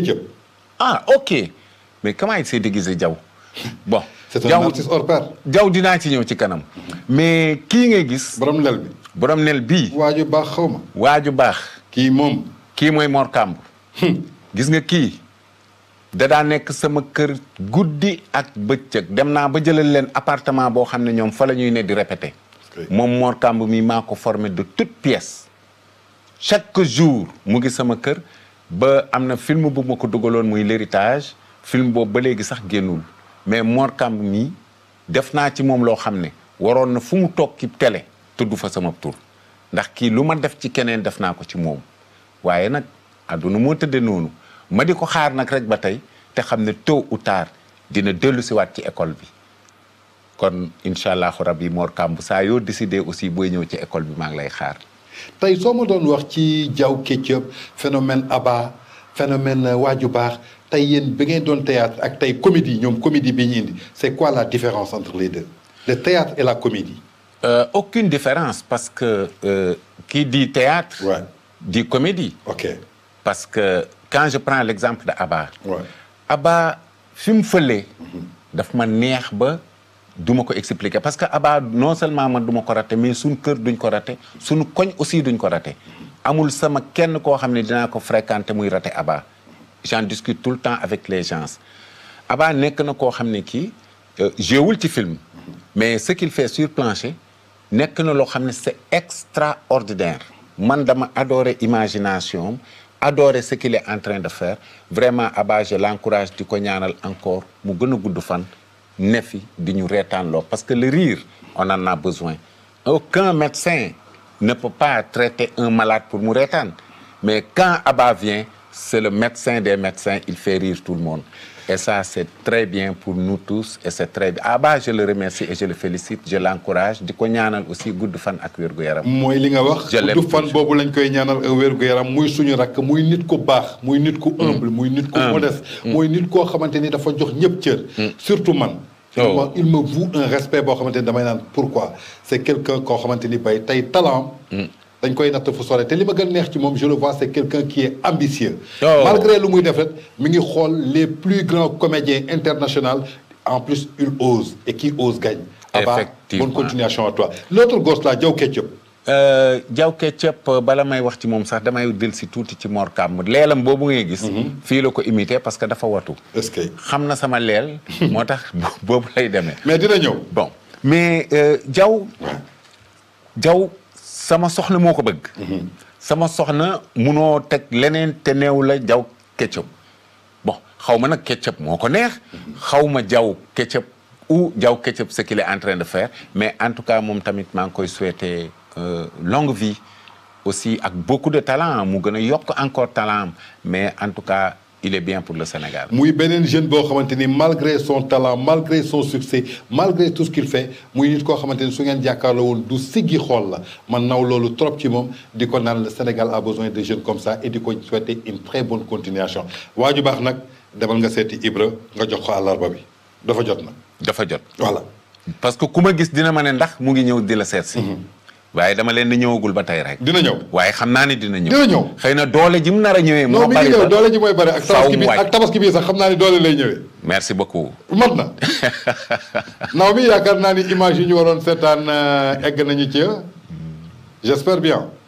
ketchup. ah ok mais comment il di déguisé Diaw bo c'est un artiste hors dinaa ci ñëw ci kanam. mais kii ngay gis. borom lel bi bii. waaju baax xaw ma. waaju baax. kii moom. kii mooy Mor Kamb. Hmm. gis nga kii. dadaa nekk sama kër guddi ak bëccëg dem naa ba jëlal leen appartement boo xam ne ñoom fa la ñuy ne di répété. moom Mor Kamb mi maa ko formé de toute pièce. chaque jour mu gis sama kër. ba am na film bu ma ko dugaloon muy l'héritage film boobu ba léegi sax génnul mais Mor Kamb mii def naa ci moom loo xam ne waroon na fu mu toog ci tele tudd fa sama tur ndax kii lu ma def ci keneen def naa ko ci moom waaye nag àdduna moo tëdde noonu ma di ko xaar nag rek ba tey te xam ne tôt ou tard dina dellu siwaat ci école bi kon incha allahu rabbi Mor Kamb saa yoo décidé aussi booy ñëw ci école bi maa ngi lay xaar tey soo ma doon wax ci Diaw Ketchup phénomène Abba phénomène waaju baax tey yéen bi ngeen doon théâtre ak tey comédie ñoom comédie bi ñu indi c'est quoi la différence entre les deux le théâtre et la comédie euh, aucune différence parce que euh, qui dit théâtre ouais. dit comédie ok parce que quand je prends l'exemple de Abba ouais. Abba fi mu fëlee mhm. ma neex ba duma ko expliquer parce que Abba non seulement man du ma ko raté mais suñ kër duñ ko rate suñu koñ aussi duñ ko rate amul sama kenn koo xam ne dinaa ko fréquenté muy raté Abba j'en discute tout le temps avec les gens Abba nekk na koo xam ne kii euh, jéewul ci film mais ce qu'il fait sur plancher nekk na loo xam ne c'est extraordinaire man dama adoré imagination adore ce qu'il est en train de faire vraiment Abba je l'encourage di ko ñaanal encore mu gën a gudd fan ne fi di ñu reetaanloo parce que le rire on en a besoin aucun médecin ne peut pas traiter un malade pour mu reetaan mais quand Abba vient c'est le médecin des médecins il fait rire tout le monde Et ça, c'est très bien pour nous tous e c'est très bien. Abba, ah je le remercie et je le félicite, je l'encourage. di ko ñaanal aussi gudd fan ak wér gu yaram. mooy li nga wax gudd fan boobu lañ koy ñaanal ak wér gu yaram muy suñu rakk muy nit ku baax muy nit ku mm. humble muy nit ku mm. modeste muy mm. nit koo xamante ni dafa jox ñëpp cër. surtout man. Oh. il me voue un respect boo xamante ni damay naan pourquoi c'est quelqu'un koo xamante ni bay tey talent. dañ koy natt fu sore te li ma gën neex ci moom je le vois quelqu'un qui est ambitieux oh. malgré lu muy def rek mu ngi xool les plus grands comédiens internationaux en plus il ose et qui ose gagne Abba bonne continuation à toi l'autre gosse là Diaw Ketchup euh, Diaw euh, bala may wax ci moom sax damay del si tuuti ci Mor Kàmm leelam boobu ngay gis mhm. fii la ko imité parce que dafa watu est que xam na sama leel moo tax boobu lay deme mais dina ñëw bon mais euh, Diaw Diaw sama soxna moo ko bëgg. sama soxna munoo teg leneen te neew la jaw ketchup bon xaw ma nag ketchup moo ko neex. xaw ma jaw ketchup u jaw ketchup ce qu'il de faire mais en tout cas moom tamit maa ngi koy souhaiter euh, longue vie aussi ak beaucoup de talent mu gën a yokk encore talent mais en tout cas. il est bien pour le Sénégal. muy beneen jeune boo xamante ni malgré son talent malgré son succès malgré tout ce qu'il fait muy nit koo xamante ni su ngeen jàkkaarloo woon du siggi xool la man naw loolu trop ci moom di ko naan le Sénégal a besoin de jeunes comme ça et di ko souhaiter une très bonne continuation waa ju baax nag demal nga seeti Ibra nga jox ko àllarba bi dafa jot na. dafa jot voilà. parce que ku ma gis dina ma ne ndax mu ngi ñëw di la seet si. Mhm. waaye dama leen di ñëwagul ba tey rek. dina ñëw waaye xam naa ni dina ñëw. dina ñëw xëy na doole ji mu nar a ñëwee. moo bari sax non doole ji mooy bari ak tabaski bi ak bi sax xam naa ni doole lay ñëwee. merci beaucoup. mat na naw mi yaakaar naa ni image yi ñu waroon seetaan euh, egg nañu ci j'espère bien.